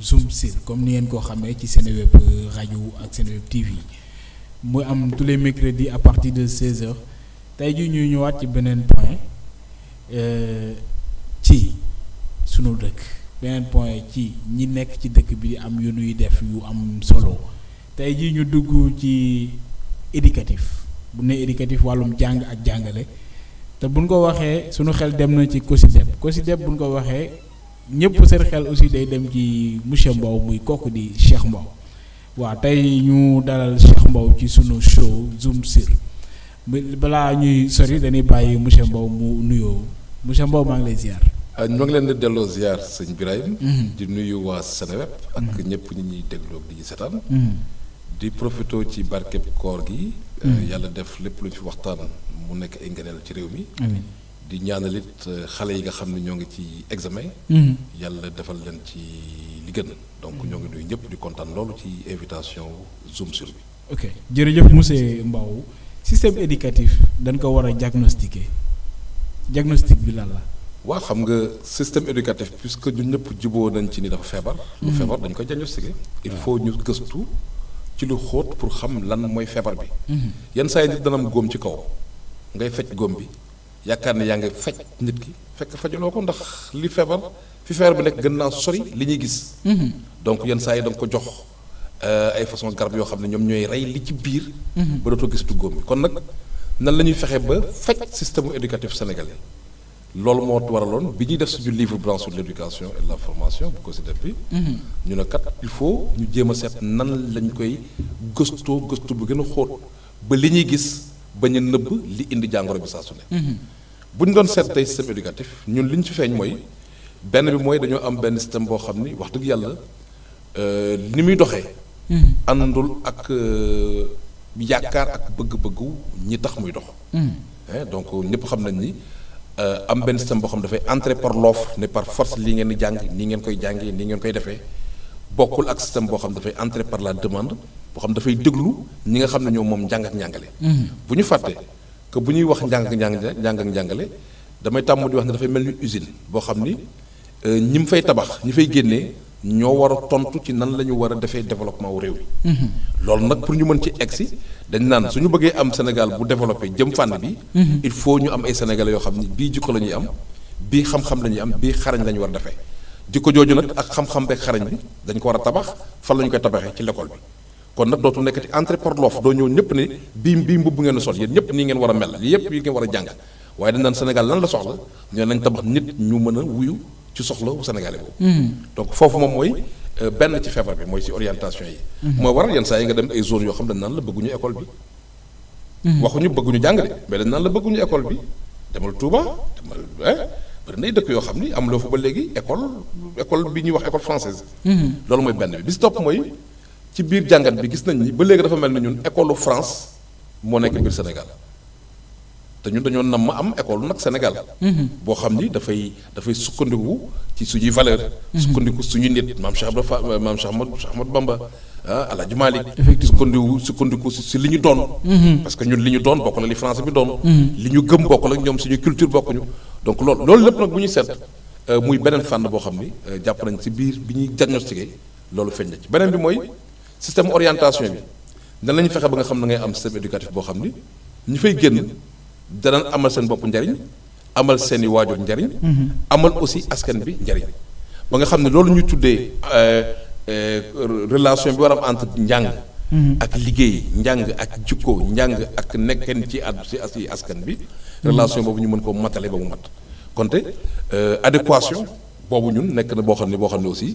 Zoom Sine comme ni ngeen ko xamee ci web euh, radio ak web TV muy am tous les mercredis à partir de 16h tey jii ñu ñëwaat ci beneen point euh, ci sunu dëkk beneen point ci ñi nekk ci dëkk bi am yu nuy def yu am solo tey jii ñu dugg ci éducatif bu ne éducatif wàllum jàng ak jàngale te buñ ko waxee sunu xel dem na ci cosi deb COSYDEP COSYDEP buñ ko waxee. ñëpp seen xel aussi day dem ci monsieur Mbow muy kooku di Cheikh Mbow. waaw tey ñu dalal Cheikh Mbow ci sunu show Zoom sur balaa ñuy sori dañuy bàyyi monsieur Mbow mu nuyoo monsieur Mbow maa ngi lay ziar. Ah, ñoo leen di delloo ziar sëñ Birahim mhm. di nuyu waa Seneweb ak mhm. ñëpp ñu ñuy dégloo di ñu setaan mhm. di profito ci barkeb koor gi. yàlla def lépp lu fi waxtaan mu nekk ay ngëneel ci réew mi. di ñaanalit euh, xalé yi nga xamni ne ñoo ngi ci examen. Mm-hmm. yalla defal len ci li gën. donc mm-hmm. ñoo ngi nuyu ñëpp di contane lolu ci invitation Zoom sur bi. ok jërëjëf monsieur Mbow système éducatif dañ ko war a diagnostiquer diagnostic bi lan la. waaw xam nga système éducatif puisque ñun ñëpp juboo nañ ci ni dafa feebar. Mm-hmm. lu feebar dañ koy diagnostiquer. il faut ñu gëstu ci lu xóot pour xam lan mooy feebar bi. yenn saa yi nit dana am góom ci kaw ngay fecc góom bi yaakaar ne yaa ngi faj nit ki fekk fajaloo ko ndax li feebar fi feebar bi nekk gën naa sori li ñuy gis. Mhm. donc yenn saa yi da nga ko jox euh, ay façon garab yoo xam ne ñoom ñooy rey li ci biir. Mhm. ba dootoo gis duggoom bi kon nag nan la ñuy fexe ba faj système éducatif sénégalais loolu moo waraloon bi ñuy def suñu livre blanc sur l' éducation et la formation bu ko si def mhm. ñu ne kat il faut ñu jéem a seet nan lañ koy gëstoo gëstu bu gën a xóot ba li ñuy gis. bañ a nëbb li indi jàngoro bi saa su ne. bu ñu doon seet tey système éducatif ñun li ñu ci feeñ mooy benn bi mooy dañoo am benn système boo xam ni wax dëgg yàlla euh, ni muy doxee. àndul ak euh, yaakaar ak bëgg-bëggu ñi tax muy dox. Eh, donc ñëpp xam nañ ni euh, am benn système boo xam dafay entrer par l'offre ne par force lii ngeen di jàng nii ngeen koy jàngee nii ngeen koy defee bokkul ak système boo xam dafay entrer par la demande. bo xam fay deglu ñi nga xam ne ñoo moom njàng ak njàngale bu ñu fàtte que bu ñuy wax njàng ak njàng ak njàngale damay tàmm di wax ne dafay mel ni usine boo xam ni euh, ñim fay tabax ñi fay génnee ñoo war a tontu ci nan la ñu war a defee développement wu réew mi loolu nag pour ñu mën ci egg dañ naan suñu bëggee am sénégal bu développé jëm fànn bi il faut ñu am ay sénégalais yoo xam ni bii jikko la ñuy am bii xam-xam la ñuy am bii xarañ la ñu war a defee jikko jooju nag ak xam-xam beeg xarañ bi dañ ko war a tabax fan la ñu koy tabaxee ci l'école bi kon nag dootul nekkati entrée porte loof doo ñëw ñëpp ni bii bii mbubb ngeen sol yéen ñëpp nii ngeen war a mel lii yi ngeen war a jàng waaye dañ naan Sénégal lan la soxla ñoo nañ tabax nit a wuyu ci soxla wu sénégalais boobu hmm. donc foofu moom mooy euh, benn ci feebar hmm. naan la bëgguñu école bi hmm. waxuñu bëgguñu jàng de mais dañ naan la bëgguñu école bi demal Touba demal bëri nay dëkk yoo xam ni am loo fa ba léegi école école bi ñuy wax école française loolu mooy benn bi bis mooy ci biir jàngat bi gis nañ ni ba léegi dafa mel ni ñun école France moo nekk biir Sénégal te ñun dañoo nam am école nag Sénégal. Mhm. boo xam ni dafay dafay sukkandiku ci suñuy valeur sukkandiku suñu nit maam Cheikh Ibrahima maam Cheikh Ahmad Ahmad Bamba ah El Hadj Malick. sukkandiku sukkandiku si li ñu doon. Mhm. parce que ñun li ñu doon bokk la li france bi doon. Mhm. li ñu gëm bokk la ñoom suñu culture ñu donc loolu loolu lépp nag bu ñu seet euh, muy beneen fànn boo xam ni euh, jàpp nañ si biir bi ñuy diagnostiqué loolu feeñ na ci beneen bi mooy. système orientation bi danañ fexe ba nga xam ne ngay am système éducatif boo xam ni ñu fay génn danañ amal seen bopp njariñ amal seen i waajur njariñ mhm. amal aussi askan bi njariñ ba nga xam ne loolu ñu tuddee euh, euh, relation bi war am entre njàng mhm. ak liggéey njàng ak jikko njàng ak nekkeen ci at si askan bi relation boobu ñu mën koo matale ba mu mat konte euh, adéquation boobu ñun nekk na boo xam ne boo xam ne aussi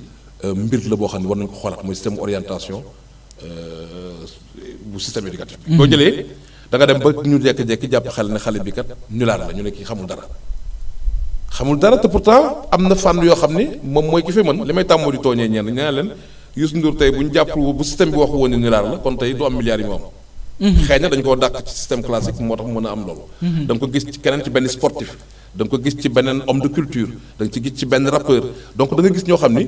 Euh, mbir la bo xamni war nañ ko xolat moy système orientation euh bu système éducatif bo jëlé da nga dem ba ñu jékki-jékki japp xel ne xalé bi kat ñu la la ñu ne kii xamul dara xamul dara te pourtant amna fan yo xamni mom moy moom mooy ki fi mën li may di tooñee ñen ñaa len yus ndur tay bu japp bu système bi wax woon ne ñu la la kon tay du am milliards yi mu am. Mhm. xëy na dañu ci système classique motax mëna am lool mhm. dañ ko gis ci kenen ci benn sportif dañ ko gis ci benen homme de culture dañ ci gis ci benn rappeur donc da nga gis ño xamni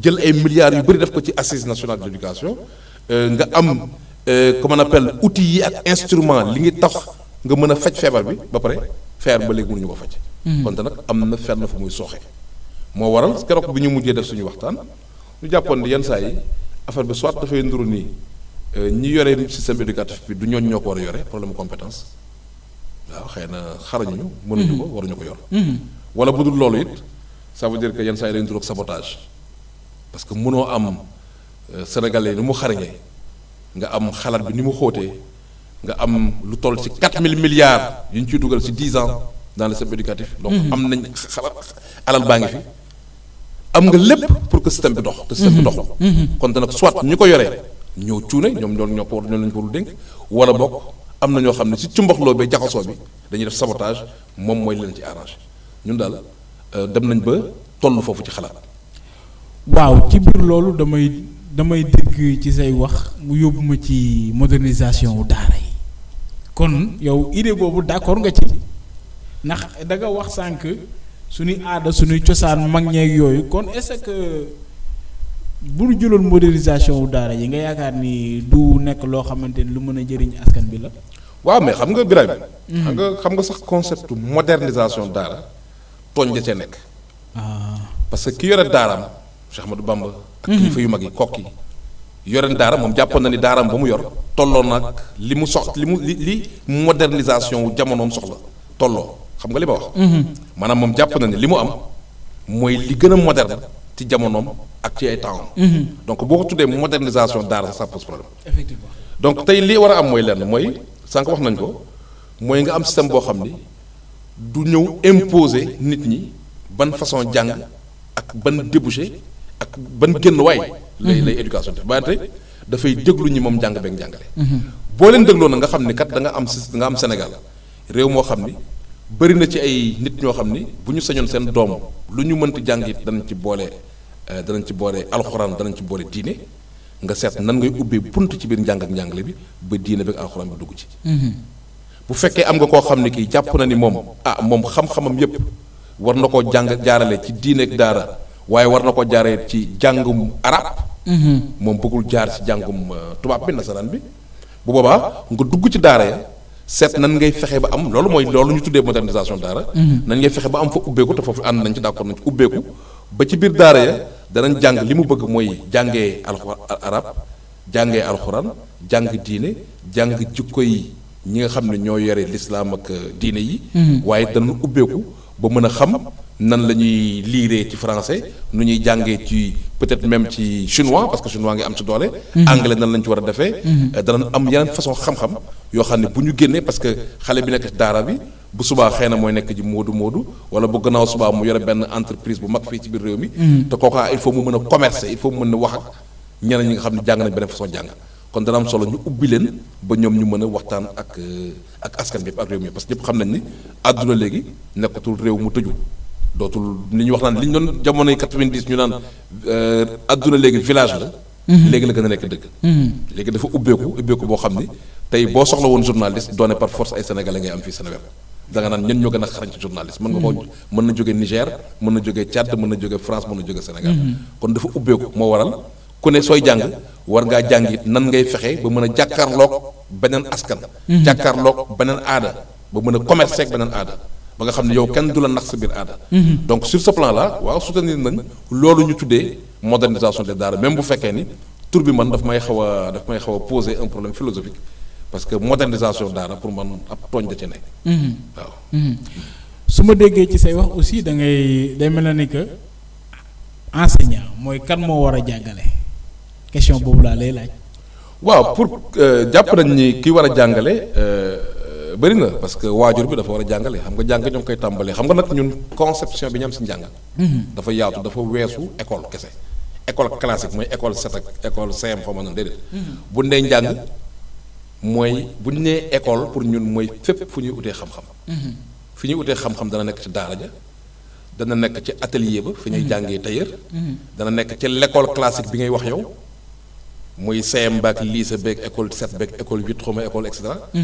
jël ay milliards yu bëri def ko ci assise nationale de l'éducation euh, nga am euh, comment on appelle outils yi ak instrument li ngi tax nga mën a faj feebar bi ba pare feebar ba léegi mënuñu ko faj. Hmm. kon nag am na fenn fu muy sooxe. moo waral keroog bi ñu mujjee def suñu waxtaan ñu jàppoon yenn saa yi affaire bi soit dafay nduru nii euh, ñi yore système éducatif bi du ñooñ ñoo ko war a yore problème compétence waaw xëy na xarañuñu mënuñu ko waruñu ko yor. Hmm. wala bu dul loolu it ça veut dire que yenn saa yi dañu turoog sabotage. parce que munoo am euh, sénégalais ni mu xarañee nga am xalaat bi ni mu xóotee nga am lu toll ci 4000 milliards yu ñu ciy dugal ci 10 ans dans le système éducatif. donc mm-hmm. am nañ xalaat alal baa ngi fi. am nga lépp pour que système bi dox. te système bi dox. Mm-hmm. Mm-hmm. kon nag soit ñu ko yoree ñoo cuune ñoom ñoo ñoo ko war ñoo lañ ko war dénk wala bokk am na ñoo xam ne ci cumbaxloo bee jaxasoo bi dañuy def sabotage moom mooy leen ci arrangé ñun daal euh, dem nañ ba toll foofu ci xalaat. waaw ci biir loolu damay damay dégg ci say wax mu yóbbu ci modernisation wu daara yi kon yow idée boobu d'accord nga ci ndax da nga wax sànq suñuy aada suñuy cosaan mag ñeeg yooyu kon est-ce que bu ñu jëloon modernisation wu daara yi nga yaakaar ni du nekk loo xamante ni lu mën a jëriñ askan bi la. waaw mais xam nga Birame. Hmm. xam nga xam nga sax concept modernisation daara tooñ da ca nekk. Ah. parce que ki yore daaraam. Cheikh Ahmadou Bamba ak kilifa yu mag yi kokki yoreen daara moom jàppoon na ni daaraam ba mu yor tolloo nak limu sox limu li modernisation wu jamonoom soxla tolloo xam nga li ba wax mhm. manam mom jàpp na ni limu am moy li gëna a moderne ci jamono ak ci ay temps mhm. donc boko ko modernisation daara ça pose problème effectivement donc tay li wara am moy lenn moy sank wax nañ ko moy nga am système bo xamni du ñëw imposer nit ñi ban façon jang ak ban débouché ak ban génn waay lay lay mhm. éducation def wante dafay déglu ñi moom jàng beeg jàngale mhm. boo leen dégloo na nga xam ni kat danga am si nga am Sénégal réew moo xam ni bëri na ci ay nit ñoo xam ni bu ñu sañoon seen doom lu ñu mënti jàng it danañ ci boole euh, danañ ci boole alxuraan danañ ci boole diine nga seet nan ngay ubbee bunt ci biir njàng ak njàngale bi ba diine beeg alxuraan bi dugg ci mhm. bu fekkee am nga koo xam ne kii jàpp na ni moom ah moom xam-xamam yépp war na koo jàng jaarale ci diine ak daara waaye war na ko jaaree ci jàngum arab mhm. moom bëggul jaar ci jàngum euh, tubaab bi nasaraan bi bu boobaa nga dugg ci daara ya seet nan ngay fexe ba am loolu mooy loolu ñu tuddee modernisation daara mhm. nan ngay fexe ba am fa ubbeeku te foofu ànd nañ ci d'accord nañ ci ubbeeku ba ci biir daara ya danañ jàng li mu bëgg mooy jàngee alxuraan arab jàngee alxuraan jàng diine jàng jikko koy ñi nga xam ne ñoo yore lislaam ak euh, diine yi mhm. waaye danañ ubbeeku ba mën a xam nan lañuy lire ci français nu ñuy jàngee ci peut-être même ci chinois parce que chinois ngi am ci doole. Mhm. anglais nan lañ ci war a defee. Mhm. Euh, danañ am yeneen façon xam-xam yoo xam ne bu ñu génnee parce que xale bi nekk ci daara bi bu subaa xëy na mooy nekk ji moodu moodu wala bu gannaaw subaa mu yore benn entreprise bu mag fii ci biir réew mi. Mhm. te il faut mu mën a commercer il faut mu mën a wax ak ñeneen ñi nga xam ne jàng nañ beneen façon jàng. kon dana am solo ñu ubbi leen ba ñoom ñu mën a waxtaan ak euh, ak askan bi ak réew mi parce que ñëpp xam nañ ni àdduna léegi nekkatul réew mu tëju. dotul liñ wax nan liñ don jamono 90 ñu euh aduna léegi village la. Mhm. léegi la gëna nek deug dëgg. Mhm. léegi dafa ubbeeku ubbeeku boo xam ni tey soxla won journaliste doone par force ay sénégalais ngay am fi Sénégal da nga nan ñen ñoo gëna xarañ ci journaliste. mën nga koo mhm. mën Niger mën na jóge Tchad mën France mën na jóge Sénégal. kon dafa ubbeeku mo waral ku ne soy jang war nga jang it nan ngay fexé ba mëna jakarlok benen askan. jakarlok benen aada ba mëna commercer ak aada. ba nga xam yow kenn du la nax sa biir aada. donc sur ce plan là waaw soutenir nañ loolu ñu tuddee modernisation des daara même bu fekkee ni tour bi man daf may xaw a daf may xaw a poser un problème philosophique parce que modernisation daara pour man ab tooñ da ci nekk. waaw. su ma déggee ci say wax aussi da ngay day mel ni que enseignant mooy kan moo war a jàngale question boobu laa lay laaj. waaw pour euh, jàpp nañ ni ki war a jàngale. Euh, bëri na parce que waajur bi dafa war a jàngale xam nga jàng ñoo ngi koy tàmbalee xam nga nag ñun conception bi ñu am si njàng. Mhm. dafa yaatu dafa weesu école kese. école classique mooy école set ak école CM xaw ma noonu mhm. bu nee njàng mooy bu nee école pour ñun mooy fépp fu ñuy utee xam-xam. Mhm. fi ñuy utee xam-xam dana nekk ci daara ja dana nekk ci atelier ba. fi ñuy jàngee tailleur. dana nekk ci l'école classique bi ngay wax yow. moy CM bac lycée bec école 7 bec école huit xaw ma école et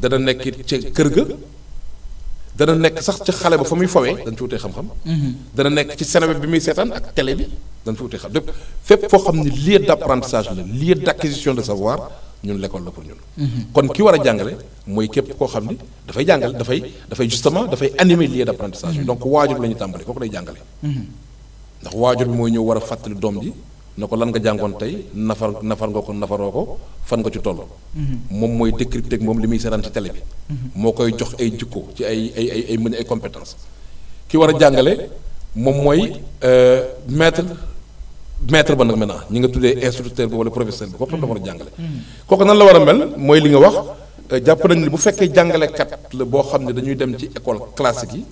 da na nek ci kër ga. na nek sax ci xalé ba fa muy dañ fa wutee xam-xam. na nek ci Sénégal bi muy sétane ak télé bi dañ fa wutee xam lépp fépp foo xam lieu d'apprentissage la lieu d'acquisition de savoir ñun l'école la pour ñun. kon ki wara jàngalé moy képp ko xamni da fay jàngal da fay da fay justement da fay animer lieu d'apprentissage donc waajur la ñu tàmbali kooku jàngalé jàngale. ndax waajur moy ñeu wara fatali dom fàttali na ko lan nga jàngoon tey nafar nafar nga ko nafaroo ko fan nga ci toll. moom mooy décrypter moom li muy seetaan ci télé bi. moo koy jox ay jikko ci ay ay ay ay mën ay compétence ki war a jàngale moom mooy euh, maître maître ba nag maintenant ñi nga tuddee instructeur bi wala professeur bi kooku la a jàngale. kooku nan la war a mel mooy li nga wax euh, jàpp nañu ne bu fekkee jàngalekat la boo xam ne dañuy dem ci école classique yi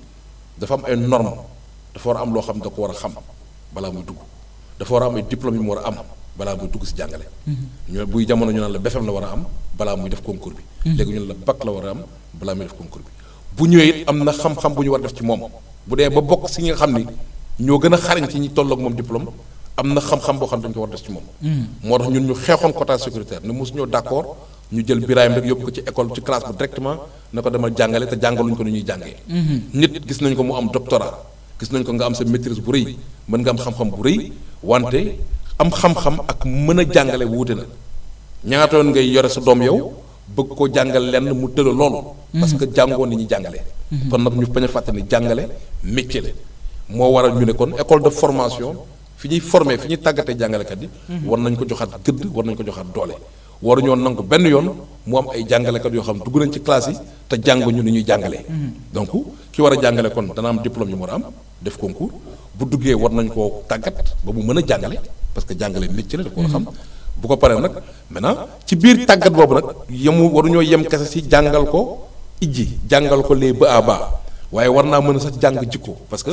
dafa am ay normes dafa war am loo xam ne da ko war a xam balaa muy dugg. dafa war a am ay diplôme mu war a am balaa muy dugg si jàngale. Mhm. buy jamono ñu naan la BFEM la war a am balaa muy def concours bi. Mhm. léegi ñu ne la bac la war a am balaa muy def concours bi bu ñëwee am na xam-xam bu ñu war a def ci moom a xarañ a moo tax ñun ñu xeexoon quota sécuritaire ne mosuñoo d' accord ñu jël Birahim rek yóbbu ko ci école ci classe ba directement na ko demal jàngale te jàngaluñ ko ni ñuy jàngee. Mhm. nit gis nañ ko mu am doctorat gis nañ ko wante am xam-xam ak mën a jàngale wuute na yoon ngay yore sa doom yow bëgg koo jàngal lenn mu tëla loolu parce que jàngoon ni ñuy jàngale kon nag ñu bañ a jàngale métier moo waral ñu ne école de formation fi ñuy formé fi tàggatee jàngalekat yi war nañ ko joxaat gëdd war nañ ko joxaat doole war waruñoo nangu benn yoon mu am ay jàngalekat yoo xam dugg nañ ci classe yi te ñu ni ñuy jàngalee mm-hmm. donc ki war a jàngale kon dana am diplôme yu mu war am def concours bu duggee war nañ koo tàggat ba mu mën a jàngale parce que jàngale métier la da koo xam bu ko paree nag maintenant ci biir tàggat boobu nag yemu waruñoo yem kese si jàngal ko ijji jàngal ko les ba à ba waaye war naa mën a sax jàng jikko parce que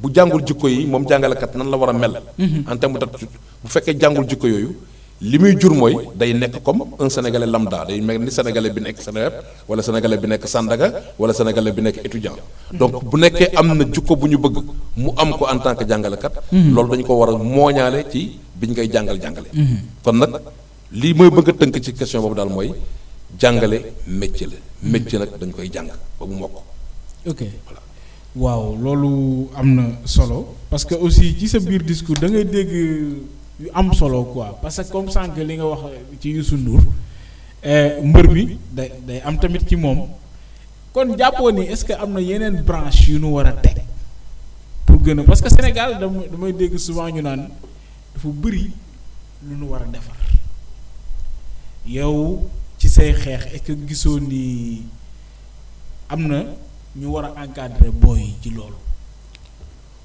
bu jàngul jikko yi moom jàngalekat nan la war a mel mhm. en terme d'aptitude bu fekkee jàngul jikko yooyu li muy jur mooy day nekk comme un sénégalais lambda day mel ni sénégalais bi nekk Seneweb wala sénégalais bi nekk Sandaga wala sénégalais bi nekk étudiant donc bu nekkee am na jukko bu ñu bëgg mu am ko en tant que jàngalekat hmm. loolu dañu ko war a mooñaale ci bi ñu koy jàngal-jàngale hmm. kon nag lii mooy bëgg a tënk ci question boobu daal mooy jàngale métier la hmm. métier nag dañ koy jàng ba mu mokk ok waaw loolu am na solo parce que aussi ci sa biir discours da ngay yu am solo quoi parce que comme sànq li nga wax ci Youssou Ndour eh, mbër bi day day am tamit ci moom kon jàppoo ni est-ce que am na yeneen branche yu nu war a teg pour gën a parce que Sénégal dama damay dégg souvent ñu naan dafa bëri lu nu war a defar yow ci say xeex est-ce que gisoo ni am na ñu war a encadrer booy ci loolu.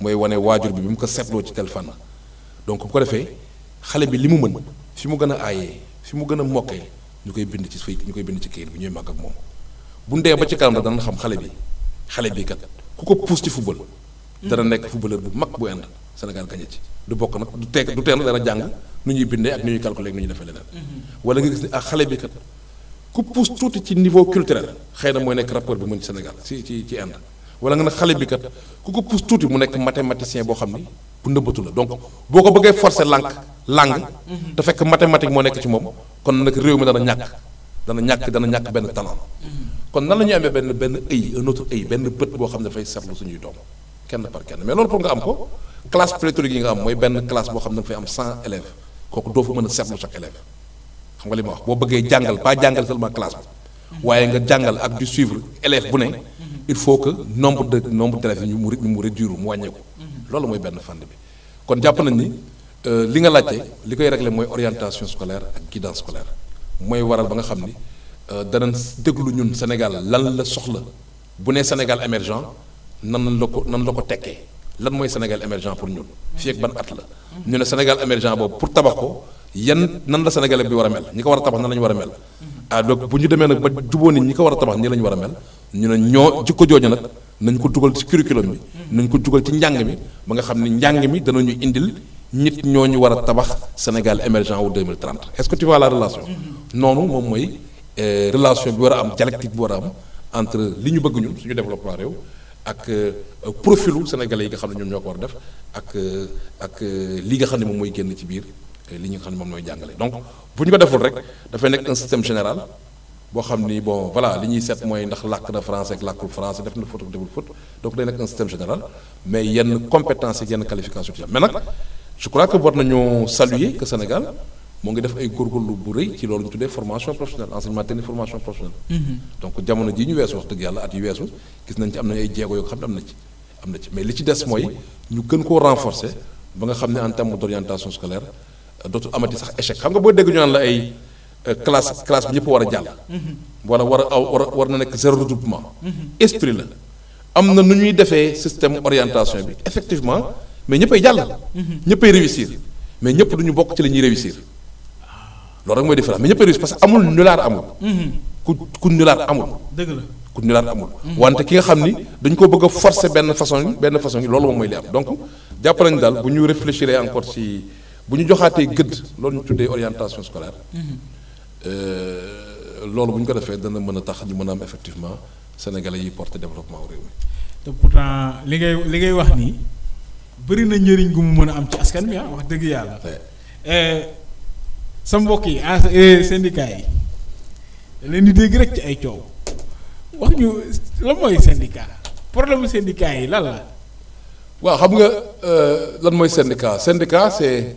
mooy wane waajur bi bi mu ko seetloo ci tel fànn donc bu ko defee xale bi li mu mën fi mu gën a aayee fi mu gën a mokkee ñu koy bind ci fay ñu koy bind ci kayit bi ñuy màgg ak moom bu ndee ba ci kanam dana xam xale bi xale bi kat ku ko pousse ci football. dana nekk footballeur bu mag bu ànd Sénégal du bokk nag du teg du teel dana jàng nu ñuy bindee ak nu ñuy defee leneen. Mm-hmm. wala nga gis ni ah xale bi kat ku pousse tuuti ci niveau culturel xëy na mooy nekk rapport bi mën ci senegal ci ci ci ànd. wala nga xalé bi kat ku ko pousse touti mu nek mathématicien bo xamni bu neubatu la donc boko ko forcer lank lang te fekk mathématique mo nek ci mom kon nak réew mi dana ñak dana ñak dana ñak ben talent kon nan lañu amé ben ben benn œil un autre œil ben bët bo xamni fay dafay suñu doom kenn par kenn mais loolu pour nga am ko classe pléthorique yi nga am moy ben classe bo xamni fay am 100 élèves koku do fa mëna a chaque élève xam nga li ma wax bo bëggee jàngal pas jàngal seulement classe waye nga jàngal ak di suivre élève bu ne il faut que nombre de nombre d'élèves ñu mu mu réduire mu wàññeeku loolu mooy benn fànn bi kon japp nañ ni euh, li nga laccé li koy régler moy orientation scolaire ak guidance scolaire moy waral ba nga euh da nañ déglu ñun Sénégal lan la soxla bu né Sénégal émergent nan la ko nan la ko téké lan moy Sénégal émergent pour ñun fi ak ban at la ñu ne Sénégal émergent bob pour tabax ko yan nan la Sénégalais bi wara mel ñi ko war tabax nan la wara mel ah donc bu ñu démé nak ba jubóo ni ñi ko war tabax ni la wara mel ñu ñoo jikko nañ ko ci curriculum bi nañ ko ci ba nga indil Sénégal émergent 2030 est-ce que tu vois la relation. noonu moom euh, relation bi dialectique bi am entre li bëgg ñun suñu développement réew ak euh, profilu sénégalais yi nga ñoom a def ak euh, ak li nga xam ne moom mooy donc bu ko deful rek un système général boo xam bon voilà li ñuy seet mooy ndax làkk na français ak làkkul français def na faute ak deful faute donc day nekk un système général mais yenn compétence ak yenn qualification ci mais nag je crois que war nañoo saluer que Sénégal moo ngi def ay góorgóorlu bu rëy ci loolu ñu tuddee formation professionnelle enseignement technique formation professionnelle mm-hmm. donc jamono ji ñu weesu wax dëgg yàlla at yu weesu gis nañ ci am nañu ay jéego yoo xam ci am ci mais li ci des mooy ñu gën koo renforcer ba nga xam en terme d'orientation scolaire dootul amati sax échec xam nga boo dégg ñu naan la ay classe classe bi ñëpp war a jàll. wala war a aw war a war na nekk zéro regroupement. esprit la am na nu ñuy defee système orientation bi effectivement mais ñëppay jàll. ñëppay réussir mais ñëpp du ñu bokk ci la ñuy réussir loolu rek mooy différence mais ñëppay réussir parce que amul nulaar amul. ku la ku nulaar ki nga xam ni dañ ko bëgg a benn façon benn façon yi loolu moom mooy li am donc jàpp nañu daal bu ñu réfléchir encore ci bu ñu joxaatee gëdd loolu ñu tuddee orientation scolaire. Euh, loolu bu ñu ko defee dana mën a tax ñu mën a am effectivement sénégalais yi porte développement réew mi. te pourtant li ngay li ngay wax nii bëri na njëriñ gu mu mën a am ci askan bi ah, wax dëgg yàlla. Euh, sa mbokk yi ah euh, syndicat yi leen di dégg rek ci ay coow wax ñu la mooy syndicat problème mu yi lan la. waaw xam nga lan mooy syndicat syndicat c'est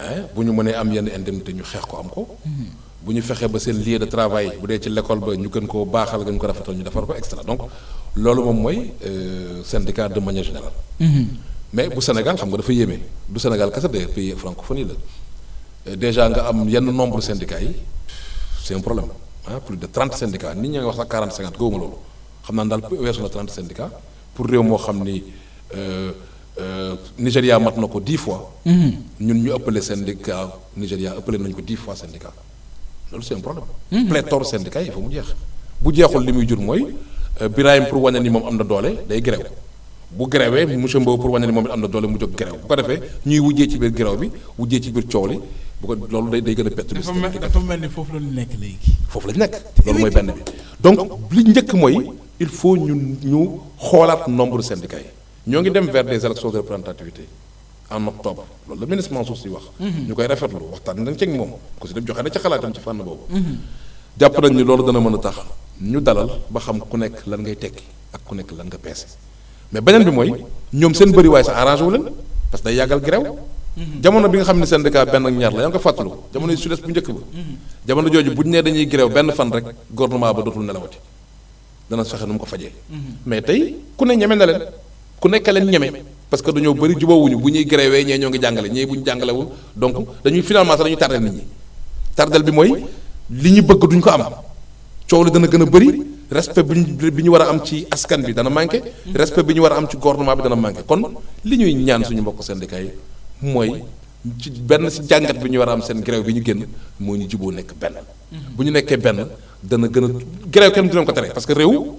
Hein? bu ñu mënee am yenn indemnité ñu xeex ko am ko. Hmm. bu ñu fexee ba seen lieu de travail bu dee ci l'école ba ñu gën koo baaxal gën ko rafetal ñu defar ko extra donc loolu moom mooy euh, syndicat de manière générale. Hmm. mais bu Sénégal xam nga dafa yéeme du Sénégal kese de pays francophonie la euh, déjà nga am yenn nombre syndicats yi c'est un problème ah plus de 30 syndicats nit ñi nga wax sax 40 50 gëwuma loolu xam naa daal weesu na trente syndicats pour réew moo xam ni. Euh, euh, nigeria maintenant na dix fois. Mhm. ñun ñu ëppalé syndicat Nigeria ëppalé nañ ko dix fois syndicat c'est un problème. Mhm. pléthore syndicat il faut mu jeex. bu jeexul vous muy moy mooy euh, pour wane ni day pour ni mom amna mu gréw ko défé ñuy wujé ci bir gréw bi wujé ci bir day donc li il faut ñu ñu nombre syndicat ñoo ngi dem vers des élections de représentativité en octobre loolu la ministre wax. Mhm. ñu koy rafetlu waxtaan nañ ci moom ku si dem joxe na ci xalaatam ci fànn boobu. Mhm. jàpp nañ ni loolu dana mën a tax ñu dalal ba xam ku nekk lan ngay tekki ak ku nekk lan nga peese mais beneen bi mooy ñoom seen bëri waaye sa arrangé wu leen parce que day yàggal grève mhm. jamono bi nga xam ne syndicat benn ak la yaa ngi fàttalu jamono sud-est bu njëkk ba. jamono jooju bu nee ku nekk leen ñeme parce que dañoo bëri jubóowuñu bu ñuy gréwee ñee ñoo ngi jàngale ñee bu ñu jàngalewul donc dañuy finalement sax dañuy tardel bi mooy li ñu bëgg duñ ko am coow li dana gën a bëri respect bi ñu bi ñu war a am ci askan bi dana manqué respect bi ñu war a am ci gouvernement bi dana manqué kon li ñuy ñaan suñu mbokk syndicat yi mooy ci benn si jàngat bi ñu war a am seen gréw bi ñu génn moo ñu juboo nekk benn bu ñu nekkee benn dana gën a gréw kenn dinañ ko parce que réew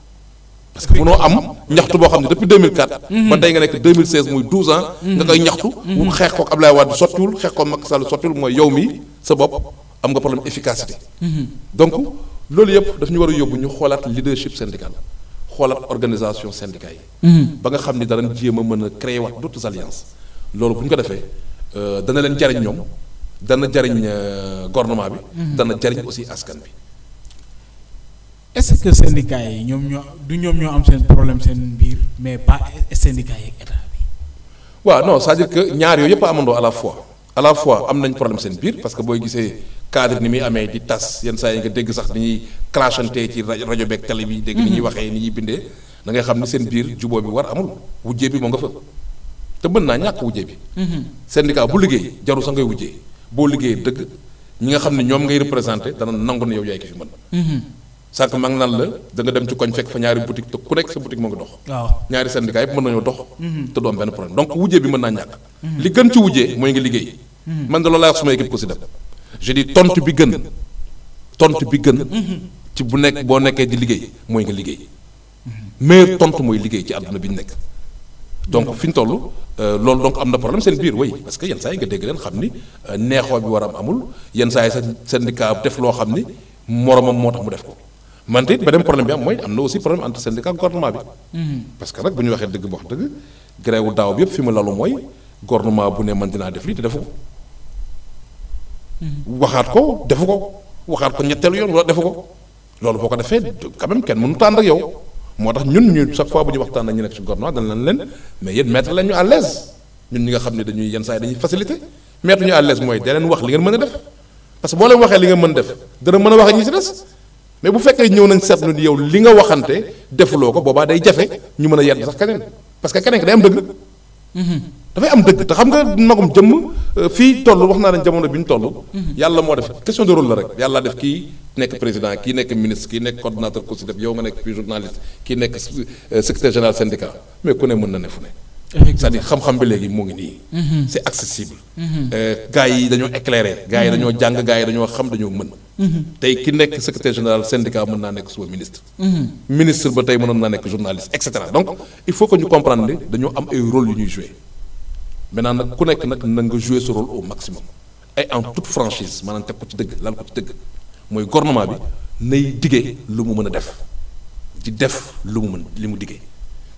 parce que mënoo am ñaxtu bo xamni depuis 2004. Mhm. ba tey nga nek 2016 muy 12 ans. Mhm. nga koy ñaxtu. Mhm. mu xeex koog Abdoulaye Wade sotul xex ko Macky Sall sotul moy yow mi sa bop am nga problème efficacité. donc loolu yëpp daf ñu war a yóbbu ñu xoolaat leadership syndical xoolaat organisation syndicat yi. ba nga xam ni danañ jéem a mën a créer waat d' autres alliances. loolu bu ñu ko defee euh, dana leen jariñ ñoom dana jariñ euh, gouvernement bi. dana jariñ aussi askan bi. est-ce que syndicats yi ñoom ñoo du ñoom ñoo am seen problème seen biir mais pas syndicats yi ak état bi. waaw non cest dire que ñaar yooyu yëpp a amandoo à la fois à fois am nañ problème seen biir parce que booy gisee cadre ni muy amee di tas yenn saa yi nga dégg sax ni ñuy clashante ci rajo beeg télé bi. dégg ni ñuy waxee ni ñuy bindee da ngay xam ni seen biir juboo bi war amul wujjee bi moo nga fa te mën naa ñàkk wujjee bi. Mhm. syndicat bu liggéey jar sax boo liggéeyee dëgg ñi nga xam ne ñoom ngay représenté dana nangu ne yow yaay sànq mag nan la da nga dem ci koñ fekk fa ñaari boutique te ku nekk sa boutique moo ngi dox. waaw ñaari syndicat yëpp mën nañoo dox. Mhm. te du benn problème donc wujje bi mën naa ñàkk. Mhm. li gën ci wujje mooy nga liggéey. Mhm. man tontu boo nekkee di liggéey mooy nga liggéey. meilleur tontu mooy liggéey ci àdduna bi ñu nekk. donc fi ñu toll euh, loolu donc am na problème seen biir way parce que yenn saa yi nga dégg leen xam ni euh, neexoo bi war am amul yenn saa yi sa syndicat def loo xam ni moromam moo tax mu def ko man it beneen problème bi am mooy am na aussi problème entre syndicat gouvernement bi. parce que nag bu ñu waxee dëgg bu wax dëgg grève wu daaw bi yëpp fi mu lalu mooy gouvernement bu ne man dinaa def lii te defu ko. waxaat ko defu ko waxaat ko ñetteelu yoon wala defu ko loolu boo ko defee quand même kenn mënu tànn ak yow moo tax ñun ñu chaque fois bu ñu waxtaan ak ñu nekk ci gouvernement dañ leen leen mais yéen mettre leen ñu à l'aise ñun ñi nga xam ne dañuy yenn saa dañuy facilité mettre ñu à l'aise mooy da leen wax li ngeen mën a def parce que boo leen waxee li ngeen mën def dana mën a wax ñi ci des mais bu fekkee ñëw nañ seetlu ni yow li nga waxante defuloo ko boobaa day jafe ñu mën a yedd sax keneen parce que keneen ki day am dëgg. dafay am dëgg te xam nga magum jëmm euh, fii toll wax naa ne jamono bi ñu toll. yàlla moo def question de rôle la rek yàlla def kii nekk président kii nekk ministre kii nekk coordonnateur ku si yow nga nekk fii journaliste kii nekk euh, secrétaire général syndicat mais ku ne mën na ne fu ne. c'est-à-dire xam-xam bi léegi mo ngi ni. Mhm. c'est accessible. Mhm. Euh gaay yi dañoo éclairer, gaay yi mhm. dañoo jang, gaay yi dañoo xam dañoo mën. Tay ki nek secrétaire général syndicat mën naa nekk suba ministre. ministre ba tay mënoon naa nekk journaliste etc. donc il faut que ñu comprendre ne am ay rôle yu ñuy jouer. maintenant nak ku nek nak na nga jouer ce rôle au maximum et en toute franchise maanaam teg ko ci deug, laal ko ci deug. Moy gouvernement bi nay diggé lu mu mën def di def lu mu mën li mu diggé.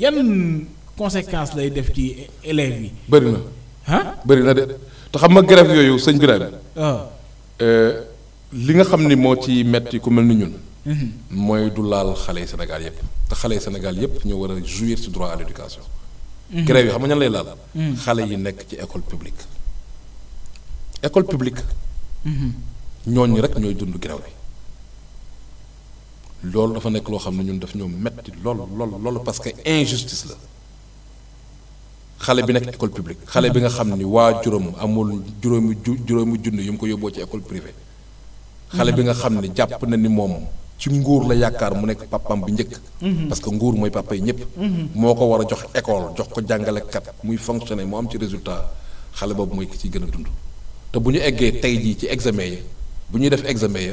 une conséquence lay def ci élèves yi. bëri na. ah na de te xam nga grève yooyu sëñ ah. euh, li nga xam ni moo ci metti ku mel ni ñun. Mhm. mooy du laal xale yi Sénégal Sénégal ñoo jouir ci droit à l'éducation. Mhm. grève yi xam nga ñan lay laal. Mhm. xale yi école publique. école publique. ñooñu rek ñooy dund grève loolu dafa nekk loo xam ne ñun def ñoo metti lool lool lool parce que injustice la xale bi nekk école publique xale bi nga xam ni waa juróom amul juróomi ju juróomi junni yu mu ko yóbboo ci école privée xale bi nga xam ni jàpp na ni moom ci nguur la yaakaar mu nekk papam bi njëkk mhm. parce que nguur mooy papa yi ñëpp mhm. moo ko war a jox école jox ko jàngalekat muy fonctionner mu am ci résultat xale boobu mooy ki ciy gën a dund te bu ñu eggee tey jii ci examen yi bu ñuy def examen ya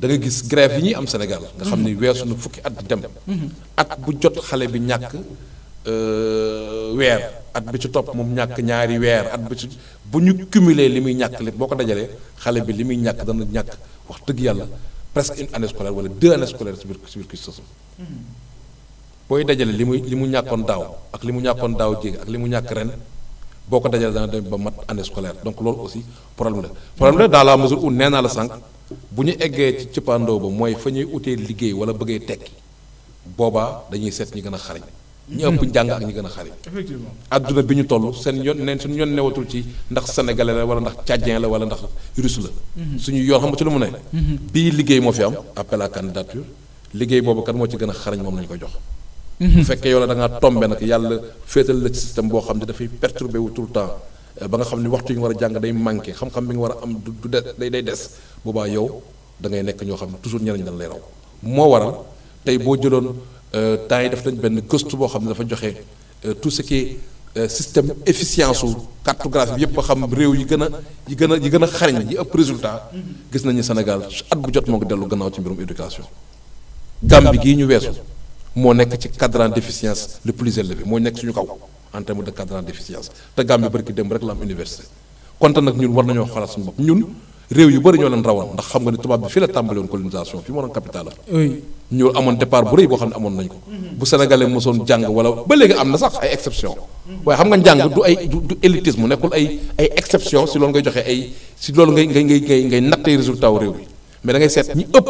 da gis grève yi ñuy am Sénégal nga xam ni weesu na fukki at di dem at bu jot xale bi ñàkk euh, weer at bi ci topp moom ñàkk ñaari weer at bi ci bu ñu cumuler li muy ñàkk lépp boo ko dajalee xale bi li muy ñàkk dana ñàkk wax dëgg yàlla presque une année scolaire wala deux années scolaires si biir si biir kii sosum booy dajale li muy li mu ñàkkoon daaw ak li mu ñàkkoon daaw jéeg ak li mu ñàkk ren boo ko dajalee dana dem ba mat année scolaire donc loolu aussi problème la problème la nee naa la sànq bu ñu eggee ci cëppaandoo ba mooy fa ñuy utee liggéey wala bëggee tekki boobaa dañuy seet ñi gën a xarañ ñi ëpp njàng ak ñi gën a xarañ effectivement adduna bi ñu toll seen yoon neen suñu yoon newatul ci ndax sénégalais la wala ndax tchadien la wala ndax russe la mhm. suñu yoon xam nga ci lu mu ne mhm. bii liggéey moo fi am appel à liggéey boobu kat moo ci gën a xarañ moom lañu ko jox mhm. fekkee yow la da tombe nag yàlla féetal la système boo xam ne dafay perturbé wu tout ba nga xam ni waxtu yi nga war a jàng day manqué xam-xam bi nga war a am du de day day des boobaa yow da ngay nekk ñoo xam ne toujours ñeneen ñi dañ lay raw moo waral tey boo jëloon euh, temps yi def nañ benn gëstu boo xam ne dafa joxe euh, tout ce qui est euh, système efficience su cartographie bi yëpp ba xam réew yi gën a yi gën a yi gën a xarañ yi ëpp résultat gis nañu Sénégal at bu jot moo ngi dellu gannaaw ci mbirum éducation Gambie gii ñu weesu moo nekk ci cadran d'efficience le plus élevé moo nekk suñu kaw en terme de cadran d'efficience te Gambie barki démb rek la am université kon nag ñun war nañoo xalaat suñu ñun réew yu bëri ñoo leen rawoon ndax xam nga ni tubaab bi fii la tàmbali woon colonisation fi mu doon capital am amoon départ bu rëy boo xam ne amoon nañ ko bu sénégalais am na sax ay exception waaye xam nga njàng du ay du élitisme nekkul ay ay exception si loolu ngay joxe ay si loolu ngay ngay ngay ngay ngay nattee résultat wu réew bi mais da ngay seet ñi ëpp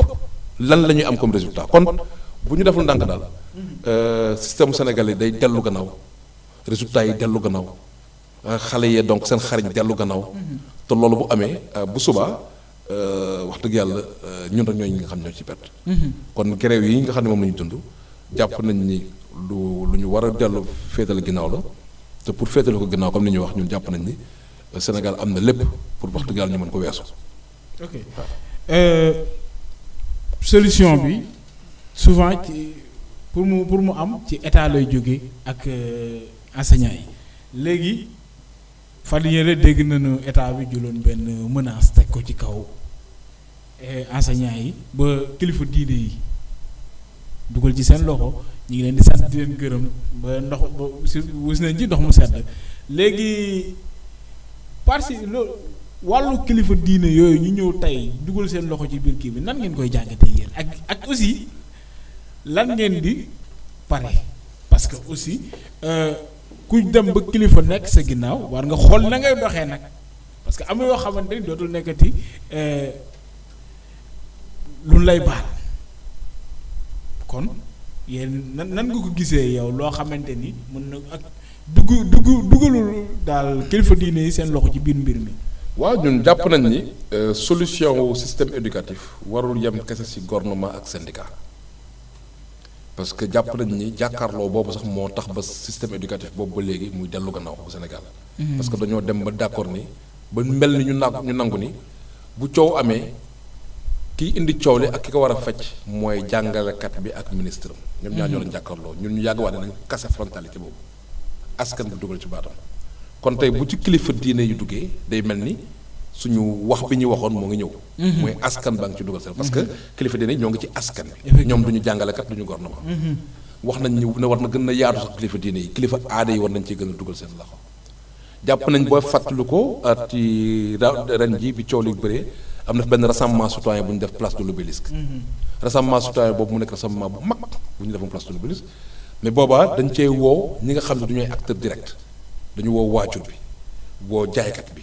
lan la ñuy am comme résultat kon bu ñu deful ndànk daal euh, résultat yi dellu gannaaw ah, xale yee donc seen xariñ dellu gannaaw te loolu bu amee ah, bu subaa euh, wax dëgg yàlla euh, ñun rek ñooñu nga xam ñoo ci perte. kon grève yi nga xam ne moom la ñu dund jàpp nañ ni lu lu ñu war a dellu féetale ginnaaw la te pour féetale ko ginnaaw comme ni ñu wax ñun jàpp nañ ni euh, Sénégal am na lépp pour wax dëgg yàlla ñu mën ko weesu. ok euh, solution bi souvent ci pour mu pour mu am ci état lay jóge ak. enseignants yi léegi fan yére dégg nañu état bi jëloon benn menace teg ko ci kaw e enseignants yi ba kilifa diine yi dugal ci seen loxo ñu ngi leen di sant di leen gërëm ba ndox ba wus nañ ndox mu sedd léegi parce que loolu wàllu kilifa diine yooyu ñu ñëw tey dugal seen loxo ci biir kii bi nan ngeen koy jàngatee yéen ak ak aussi lan ngeen di pare parce aussi. Euh, ku dem ba kilifa nekk sa ginnaaw war nga xool na ngay doxee nag parce que am yoo xamante ni dootul nekkati eh, lu lay baal kon yéen nan nan nga ko gisee yow loo xamante ni mën na ak dugg dugg duggalul daal kilifa diine yi seen loxo ci biir mbir mi. waaw ñun jàpp nañ ni euh, solution wu système éducatif warul yem kese ci gouvernement ak syndicat. parce que jàpp nañ ni jàkkaarloo boobu sax moo tax ba système éducatif boobu ba léegi muy dellu gannaaw bu Sénégal. Mhm. parce que dañoo dem ba d'accord ni ba mel ni ñu na ñu nangu ni bu coow amee kiy indi coow li ak ki ko war a fecc mooy jàngalekat bi ak ministre am. ñoom ñaar ñoo doon mhm. jàkkaarloo ñun ñu yàgg wax ne nañ kase frontalité boobu askan bi dugal ci baatam kon tey bu ci kilifa diine yu duggee day mel ni. suñu wax bi ñu waxoon moo ngi ñëw. Mhm. mooy askan ba nga ci dugal seen. parce que mhm. kilifa dinañ ñoo ngi ci askan bi. ñoom du ñu jàngalekat du ñu gouvernement. Mhm. wax nañ ñu war na gën a yaatu sax kilifa diine yi kilifa aada yi war nañ ci gën a dugal seen loxo. jàpp nañ booy fàttali ko ah, ci ren ji bi coow li bëree am na benn rassemblement citoyen bu ñu def place de l'obélisque. rassemblement citoyen boobu mu nekk rassemblement bu mag bu ñu defoon place de l'obélisque mais boobaa dañ cee woo ñi nga xam ne du ñooy acteur direct dañu woo waajur bi woo jaaykat bi.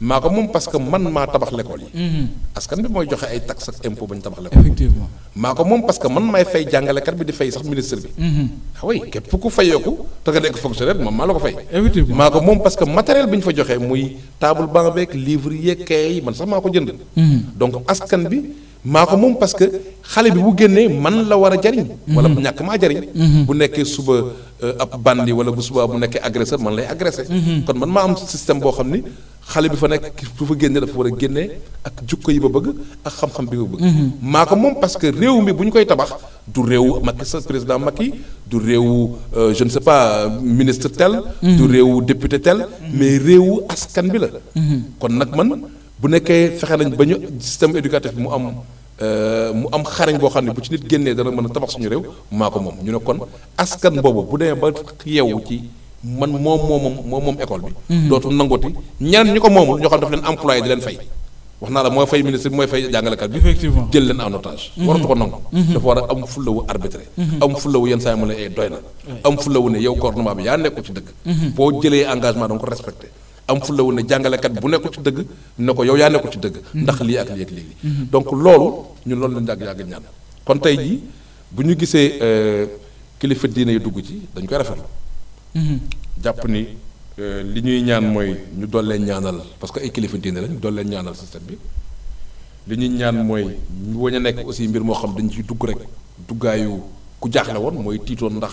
maa ko moom parce que man maa tabax l'école yi. Mhm. askan bi mooy joxe ay taxes ak impôt ba tabax l'école. maa ko moom parce que man maay fay jàngalekat bi di fay sax ministre bi. xawee mhm. ah képp ku fayeeku te nga nekk fonctionnaire moom maa la ko fay. maa ko moom parce matériel bi ñu fa joxee muy table banc beeg livre yeeg kay man sax maa ko jënd. Mhm. donc askan bi. maa ko moom parce que xale bi bu génnee man la war a jariñ wala bu ñàkk maa jariñ mhm. bu nekkee suba euh, ab bandi wala bu suba bu nekkee agresseur man lay agressé mhm. kon man maa am système boo xam ni xale bi fa nekk su fa génnee dafa war a génnee ak jukko yi ba bëgg ak xam-xam bi ba bëgg mhm. maa ko moom parce que réew mi bu ñu koy tabax du réewu Macky Sall président Macky du réew euh, je ne sais pas ministre tel du réewu député tel mais réew askan bi la kon nag man bu nekkee fexe nañ ba ñu système éducatif mu am euh, mu am xarañ boo xam ne bu ci nit génnee dana mën a tabax suñu réew maa ko moom ñu ne kon askan boobu bu demee ba yeewu ci man moom moom école bi. Mhm. dootul nangooti ñeneen ñu ko moomul ñoo xam daf leen employé di leen fay. wax naa la mooy fay ministre mooy fay jàngalekat bi. effectivement jël leen en otage. Mhm. waratu ko nangu. Mhm. dafa war a am fulla wu arbitré. am fulla wu yenn saa yi mu ne eh, doy na. am fulla wu ne yow gouvernement bi am fulla wu ne jàngalekat bu nekkul ci dëgg ne ko yow yaa nekkul ci dëgg ndax lii ak lii ak lii donc loolu ñun loolu lañu yàgg yàgg ñaan kon tey jii bu ñu gisee euh, kilifa diine yi dugg ci dañ koy rafet jàpp ni euh, li ñuy ñaan mooy ñu dollee ñaanal parce que ay kilifa diine lañ dollee ñaanal système bi li ñuy ñaan mooy ñu nekk aussi mbir moo xam dañ ciy dugg rek duggaayu ku jaaxle woon mooy tiitoon ndax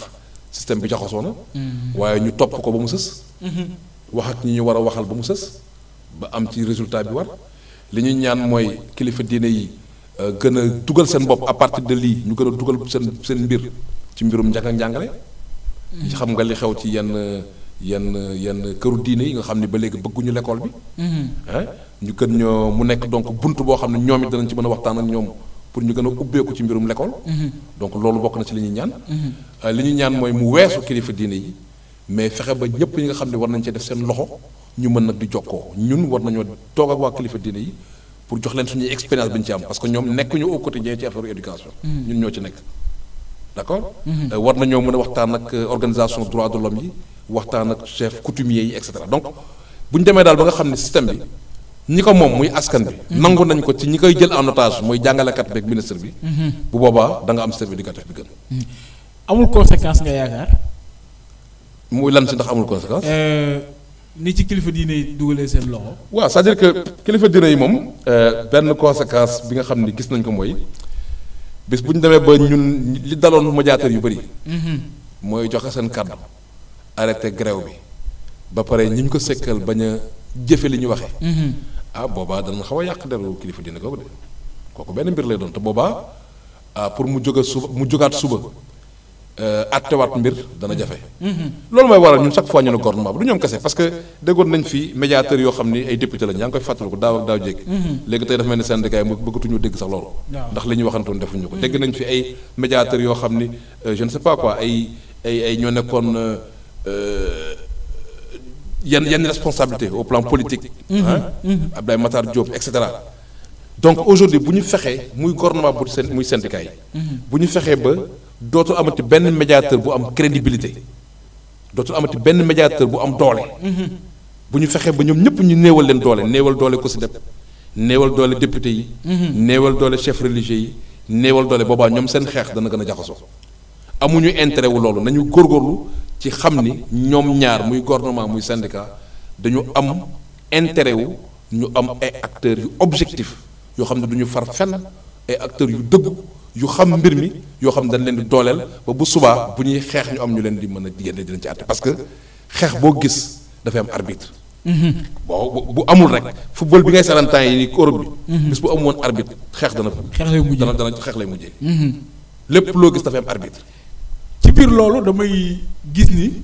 système bi jaxasoo mm-hmm. waaye ñu topp ko ba mu sës mm-hmm. wax ak ñi ñu war a waxal ba mu sës ba am ci résultat bi war li ñu ñaan mooy kilifa diine yi euh, gën a dugal seen bopp à partir de lii ñu gën a dugal seen seen mbir ci mbirum njàng ak njàngale mm-hmm. xam nga li xew ci yenn yenn yenn këru diine yi nga xam ne ba léegi bëgguñu l'école bi mm-hmm. ñu gën ñoo mu nekk donc bunt boo xam ne ñoom it danañ ci mën a waxtaan ak ñoom pour ñu gën a ubbeeku ci mbirum l'école mm-hmm. donc loolu bokk na ci li ñu ñaan euh, li ñu ñaan mooy mu weesu kilifa diine yi mais fexe ba ñëpp ñi nga xam ne war nañ cee def seen loxo ñu mën nag di jokkoo ñun war nañoo toog ak waa kilifa diine yi pour jox leen suñuy expérience bi ñu ci am parce que ñoom nekk ñu quotidien ci affaire hmm. ñu ñoo ci nekk d' accord. Hmm. Euh, war nañoo mën a waxtaan ak euh, organisation droit de l'homme yi waxtaan ak chef coutumier yi et cetera donc bu ñu demee daal ba nga xam ne système bi ñi ko moom muy askan bi. Hmm. nangu nañ ko ci ñi koy jël en otage mooy jàngalekat beeg ministre bi. bu boobaa da am service éducatif bi amul conséquence nga muy lan si ndax amul conséquence. Euh, ni ci kilifa diine yi dugalee seen loxo. waaw c'est-à-dire que kilifa diine yi moom euh, benn conséquence bi nga xam ni gis nañ ko mooy bis bu ñu demee ba ñun li daloon médiateur yu bëri. Mhm. mooy joxe seen kàddu arrêté grève bi ba pare ñi ñu ko sekkal bañ a jëfe li ñu waxee. Mhm. ah boobaa dana xaw a yàq deru kilifa diine googu de kooku benn mbir lay doon te boobaa ah pour mu jóg suba mu jógaat suba. Euh, wat mbir dana jafe. Mhm. lolou may waral ñun chaque fois ñu gouvernement bu ñom ñoom parce que déggoon nañ fi médiateur yo xamni ay député lañ ñang ngi koy fàttaliku daaw ak daw jékki. Mhm. légui tay dafa melni syndicat mu yi bëggatuñu dégg sax loolu. ndax li ñu waxantoon defuñu ko. Mhm. dégg nañ fi ay médiateur yo xamni euh, je ne sais pas quoi ay ay ay ñoo euh, euh yan yan responsabilité au plan politique. Hein? Abdoulaye Matar Diop et cetera. donc aujourd'hui buñu fexé muy gouvernement bu muy syndicat yi. bu ñu ba. dootul amati benn médiateur bu am crédibilité dootul amati benn médiateur bu am doole. bu ñu fexee ba ñoom ñëpp ñu néewal leen doole néewal doole ko si def néewal doole député yi. néewal doole chef religieux yi néewal doole boobaa ñoom seen xeex dana gën a jaxasoo. amuñu intérêt wu loolu nañu góorgóorlu ci xam ni ñoom ñaar muy gouvernement muy syndicat dañu am intérêt wu ñu am ay acteurs yu objectif yoo xam ne du far fenn ay acteurs yu dëgg. yu xam mbir mi yoo xam dañ leen di dooleel ba bu subaa bu ñuy xeex ñu am ñu leen di mën a diggante di leen ci àtte parce que xeex boo gis dafay am arbitre. bon bu amul rek football bi ngay seetaan yi nii Europe bi. bis bu amul woon arbitre xeex dana fa. xeex lay mujjee dana dana xeex lay mujjee. Mhm. lépp loo gis dafay am arbitre. ci biir loolu damay gis ni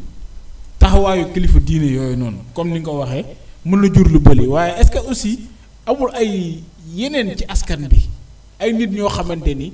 taxawaayu kilifa diine yooyu noonu comme ni nga waxee mën na jur lu bëri waaye est aussi amul ay yeneen ci askan bi ay nit ñoo xamante ni.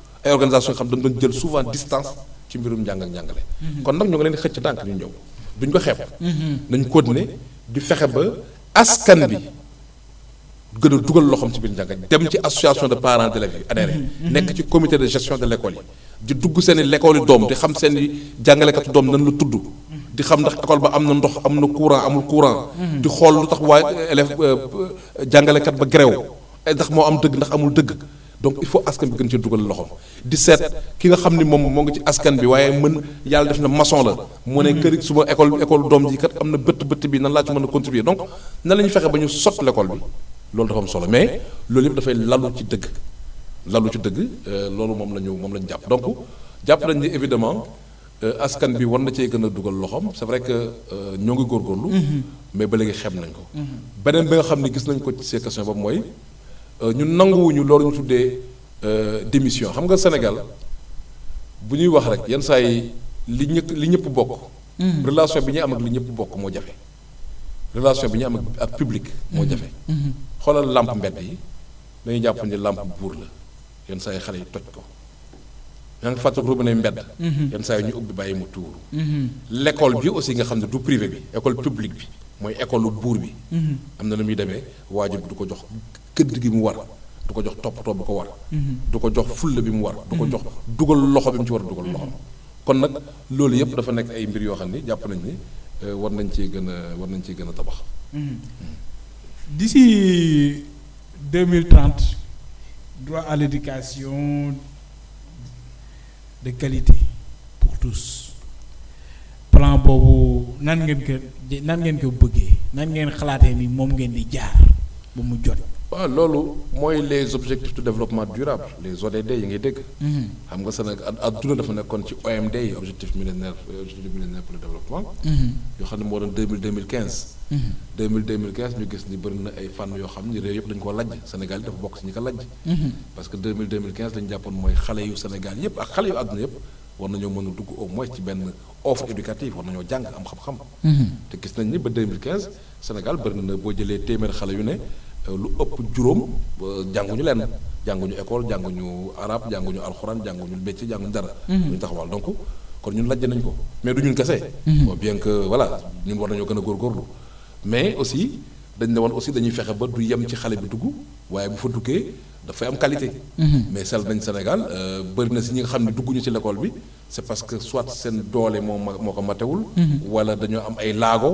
ay organisation xam dañu jël souvent distance ci mbirum ak njàngale mhm. kon nag ñu ngi leen xëcc dànk ñu ñëw duñ ko xeeb mhm. nañ continuer di fexe ba askan bi gën a dugal loxoom ci biir njàngal dem ci association de parents d'élèves yi adhéré mhm. nekk ci comité de gestion de l'école yi di dugg seen i l'école yi doom di xam seen i jàngalekatu doom nan la tudd di xam ndax école ba am na ndox am na courant amul courant di xool lu tax waa élève euh, jàngalekat ba gréew ndax moo am dëgg ndax amul dëgg donc il faut askan bi gën ci dugal loxo di seet ki nga xam ni moom moo ngi ci askan bi waaye mën yàlla def na maçon la mu ne kër suma école école doom ji kat am na bëtt bëtt bi nan laa ci mën a contribuer donc na la fexe ba ñu sot l'école bi loolu dafa am solo mais loolu yëpp dafay lalu ci dëgg lalu ci dëgg euh, loolu moom la ñu moom la ñu jàpp donc jàpp nañ ni évidemment euh, askan bi war na cee gën a dugal loxoom c'est vrai que euh, ñoo ngi góorgóorlu mm-hmm. mais ba léegi xeeb nañ ko beneen bi nga xam ne gis nañ ko ci ces questions boobu mooy Euh, ñun nanguwuñu loolu ñu tuddee euh, démission xam nga Sénégal bu ñuy wax rek yenn saa yi li ñëpp li ñëpp bokk. Mm. relation bi ñu am ak li bokk moo jafe. relation bi ñu am ak moo jafe. Mm. Mm-hmm. xoolal làmp mbedd yi dañuy jàpp ni làmp buur la yenn saa yi xale yi toj ko. yaa ngi fàttali robinet mbedd. Mm-hmm. yenn saa yi ñu ubbi bàyyi mu tuuru. Mm-hmm. l' bi aussi nga xam ne du privé bi école publique bi mooy école buur bi. am na la muy demee waajur du ko jox këdd gi mu war du ko jox toppatoo bi ko war mhm. du ko jox fulle bi mu war du ko jox dugal loxo bi mu ci war dugal loxo kon nag loolu yëpp dafa nekk ay mbir yoo xam ni jàpp nañ ni euh, war nañ ci gën a war nañ ci gën a tabax mhm. hmm. d'ici 2030 droit à l'éducation de qualité pour tous plan boobu nan ngeen ko nan ngeen ko bëggee nan ngeen xalaatee ni moom ngeen di jaar ba mu jot waaw ah, loolu mooy les objectifs de développement durable les ODD yi ngay dégg. Mhm. xam nga Sénégal adduna dafa nekkoon ci OMD yi objectif millénaire objectif millénaire pour le développement. Mhm. yoo xam ne moo doon 2015 mille deux mille mhm. ñu gis ni bëri na ay fànn yoo xam ni réew yëpp dañ ko laaj Sénégal yi dafa bokk si ñu ko lajj. parce que 2015 mille deux mille quinze jàppoon mooy xale yu Sénégal yëpp ak xale yu àdduna yëpp war nañoo mën a dugg au moins ci benn offre éducative war nañoo jàng am xam-xam. te gis nañ ni ba 2015 Sénégal bëri na boo jëlee téeméer xale yu ne lu ëpp juróom jànguñu leen jànguñu école jànguñu arab jànguñu alxuraan jànguñu métier jànguñu dara. Mhm. ñu taxawal donc kon ñun lajj nañ ko mais du ñun kese. Mhm. bon bien que voilà ñun war nañoo gën a góorgóorlu mais aussi dañ ne woon aussi dañuy fexe ba du yem ci xale bi dugg waaye bu fa duggee dafay am qualité. Mhm. mais sel nañ Sénégal euh, bëri na si ñu nga xam ne dugguñu ci l'école bi c'est parce que soit seen doole moo moo ko matewul. wala dañoo am ay laago.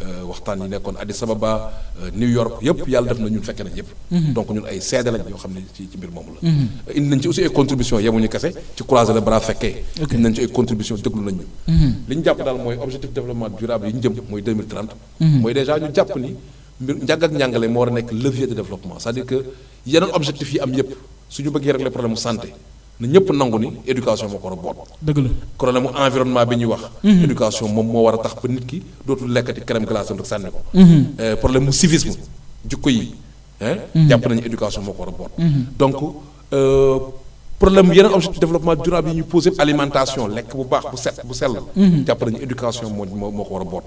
Euh, waxtaan yi nekkoon Addis Ababa euh, New York yëpp yàlla def na ñun fekke nañ yëpp mhm. donc ñun ay seede lañ yoo xam ne ci mbir moomu mhm. indi nañ ci aussi ay contribution yemuñu kese ci croiser le bras fekkee indi nañ ci ay contribution déglu nañ ñu mhm. li ñu jàpp daal mooy objectif développement durable yi ñu jëm mooy 2030 mooy déjà ñu jàpp ni mbir njàng ak njàngale moo war a nekk levier de développement cest dire que yeneen objectif yi am yëpp suñu bëggee na ñëpp nangu ni éducation moo ko war a boot. dëgg la problème mu environnement bi ñuy wax. Mhm. éducation moom moo war a tax ba nit ki dootul lekkati crème glacée rek sànni ko. Mhm. Euh, problème mu civisme jikko yi. Hein? Mhm. jàpp nañu éducation moo ko war a boot. donc euh, problème yeneen objectif de développement durable yi ñu posé alimentation lekk bu baax bu set bu sell. jàpp nañu éducation moo moo ko war a boot.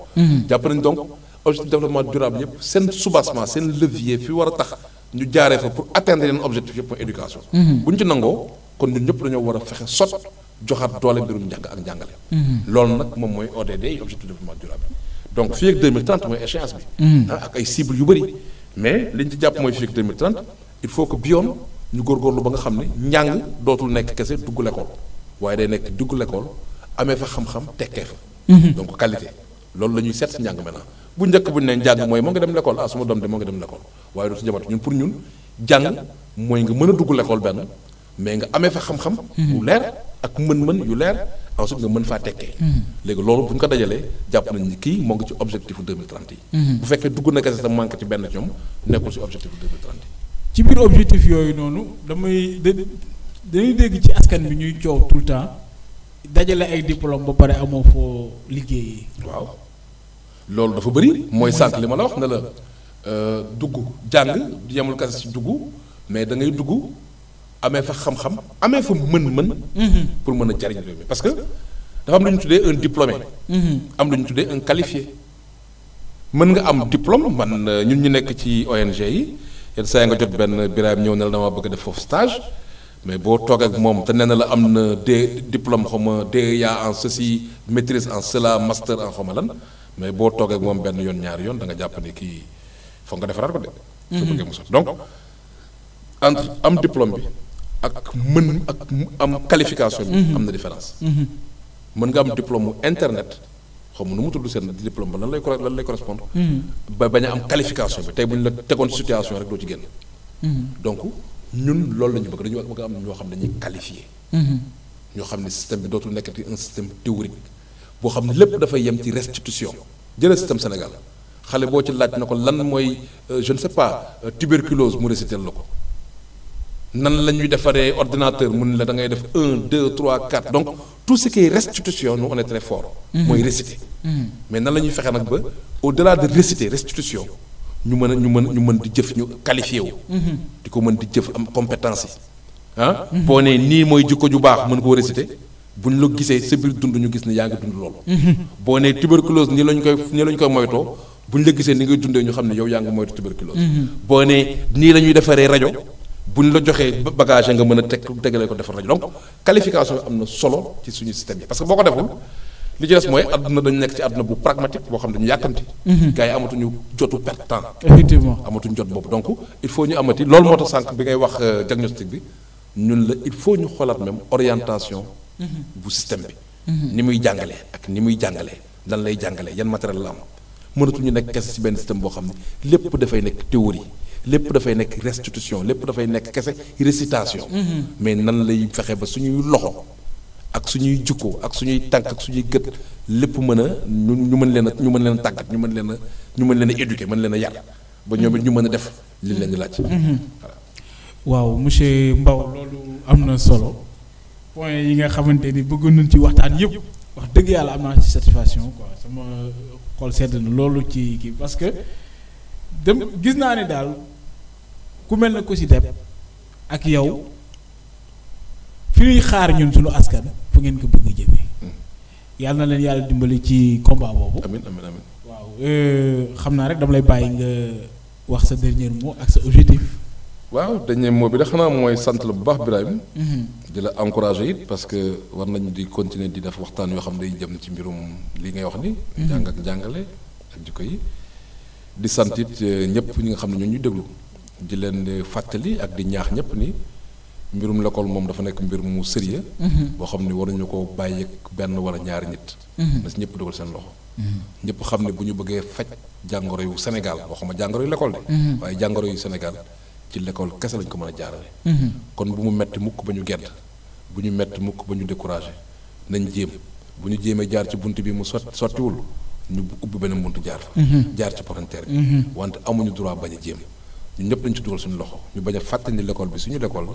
jàpp nañu donc objectif de développement durable yëpp seen soubassement seen levier fi war a tax ñu jaaree fa pour atteindre yeneen objectif yëpp mooy éducation. bu ñu ci nangoo. kon ñun ñëpp dañoo war a fexe sot joxaat doole mbirum njàng ak njàngale. loolu nag moom mooy ODD yi objectif de développement durable donc fii ak 2030 mooy échéance bi. Mm. Ah ak ay cibles yu bëri. mais liñ ci jàpp mooy fii ak 2030 il faut que biyoon ñu góorgóorlu ba nga xam ne njàng dootul nekk kese dugg l'école waaye day nekk dugg l'école amee fa xam-xam tekkee fa. Mm-hmm. donc qualité loolu la seet si njàng maintenant bu njëkk bu ñu njàng mooy moo ngi dem l'école ah suma doom de moo ngi dem l'école waaye dootu jamono ñun pour ñun jàng mooy nga mën a dugg l'école benn. mais nga amee fa xam-xam. bu leer ak mën-mën yu leer ensuite nga mën faa tekkee. Hmm. léegi loolu bu ñu ko dajalee jàpp nañ ni kii moo ngi ci objectif bu 2030 yi. Hmm. bu fekkee dugg na kese sa manqué ci benn ñoom nekkul ci objectif bu 2030 yi. ci biir objectif yooyu noonu damay dañuy dégg ci askan bi ñuy coow tout le temps dajale ay diplôme ba paree amoo foo liggéeyi. waaw loolu dafa bëri mooy sànq li ma la wax ne la euh, dugg jàng yemul kese ci dugg mais da ngay dugg. je fa xam-xam fa mën pour parce que dafa am un diplômé. Mm-hmm. am un qualifié. mën nga am diplôme man euh, ñun ñu nekk ci ONG yi nga jot ben biraam dama bëgg def stage mais bo que ak mom la am na en ceci maîtrise en cela master en xaw mais que je ak mom ben yoon ñaar yoon da nga de. Mm-hmm. donc diplôme ak mën ak am qualification bi mhm. am na différence mhm. mën nga am diplôme internet xaw ma nu mu tudd seen diplôme ba lan lay lan mhm. ba bañ a am qualification bi tey bu ñu la tegoon ci rek doo ci génn donc ñun loolu la ñu bëgg dañu bëgg am ñoo xam ne dañuy qualifié ñoo xam ne système bi dootul nekkati un système théorique boo xam lépp dafay yem ci restitution jëlee système Sénégal xale boo ci laaj na ko lan mooy euh, je ne sais pas euh, tuberculose la ko nan avons fait ordinateur nous avons la da ngay def un donc tout ce qui est restitution nous on est très fort. moy mm-hmm. réciter. Mm-hmm. mais nan lañuy au delà de réciter restitution nous mëna nous ñu nous ñu mën di jëf ñu qualifié wu. Mm-hmm. di ko di jëf am compétence ah ni moy jikko ju baax mën ko réciter buñ lo la sa dund ñu gis ne yaa dund loolu. boo un tuberculose ni lañ koy ni lañ koy moyto buñ la ni ñu yow tuberculose. bu ñu la joxee bagage nga mën a teg tegale ko defar rajo donc qualification am na solo ci suñu système yi parce boo ko deful li ci mooy àdduna dañu nekk ci àdduna bu pragmatique boo xam ne ñu yàkkamti. Mhm. gars yi amatuñu jotu perte temps. effectivement amatuñu jot boobu donc il faut ñu amati loolu moo tax sànq bi ngay wax euh, diagnostic bi ñun la il faut ñu xoolaat même orientation. Mhm. bu système bi. Mhm. ni muy jàngalee ak ni muy jàngalee lan lay jàngalee yan matériel la am mënatuñu nekk kese ci benn système boo xam ne lépp dafay nekk théorie. lépp dafay nekk restitution lépp dafay nekk kese récitation. Mm-hmm. mais nan lay fexe ba suñuy loxo ak suñuy jikko ak suñuy tànk ak suñuy gët lépp mën a ñu ñu mën leen a ñu mën leen a tàggat ñu mën leen a ñu mën leen a éduquer mën leen a yar ba ñoom ñu mën a def li leen di laaj. Mm-hmm. waaw monsieur Mbaw loolu am na solo point yi nga xamante ni bëgg nañ ci waxtaan yëpp wax dëgg yàlla am naa ci satisfaction quoi sama xol sedd na loolu ci kii parce que dem gis naa ne daal. ku mel na ko si deb ak yow fi ñuy xaar ñun suñu askan fu ngeen ko bëgg jëme yàlla na leen yàlla dimbali ci combat boobu amiin amiin amiin waaw euh, xam naa rek dama lay bàyyi nga wax sa dernier mot ak sa objectif waaw dañu moo bi da xanaa mooy sant la bu baax Birahim mhm. di la encouragé it parce que war nañu di continuer di def waxtaan yoo xam ne day jëm ci mbirum li ngay wax ni mhm. jàng jàngale ak jikko yi di sant it euh, ñëpp ñu nga xam ne ñu ñuy déglu di leen di fàttali ak di ñaax ñëpp ni mbirum l'école moom dafa nekk mbir mu sérieux mhm. boo xam ne waruñu ko bàyyi benn wala ñaari nit. Mhm. na si ñëpp dugal seen loxo. Mhm. ñëpp xam ne bu ñu bëggee faj jàngoro yu Sénégal waxuma jàngoro yu l'école de. waaye jàngoro yu Sénégal ci lekkool kese lañ ko mën a jaarale. kon bu mu metti mukk ba ñu gedd bu ñu metti mukk ba ñu découragé nañ jéem bu ñu jéemee jaar ci bunt bi mu sot sottiwul ñu ubbi beneen bunt jaar fa. jaar ci parenteer bi. wante amuñu droit ñun ñëpp dañu ci dugal suñu loxo ñu bañ a fàttali ni l'école bi suñu l'école la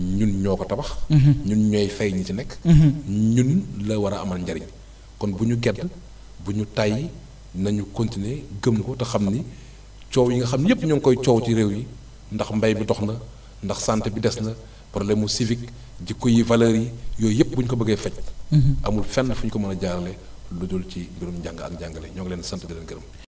ñun ñoo ko tabax. Mm-hmm. ñun ñooy fay ñi ci nekk. Mm-hmm. ñun la war a amal njariñ kon bu ñu gedd bu ñu tàyyi nañu continuer gëm ko te xam ni coow yi nga xam yépp ñoo ngi koy coow ci réew yi ndax mbay bi dox na ndax santé bi des na problème mu civique jikko yi valeur yi yooyu yépp bu ñu ko bëggee faj. Mm-hmm. amul fenn fu ñu ko mën a jaarale lu dul ci mbirum njàng ak njàngale ñoo ngi leen sant di leen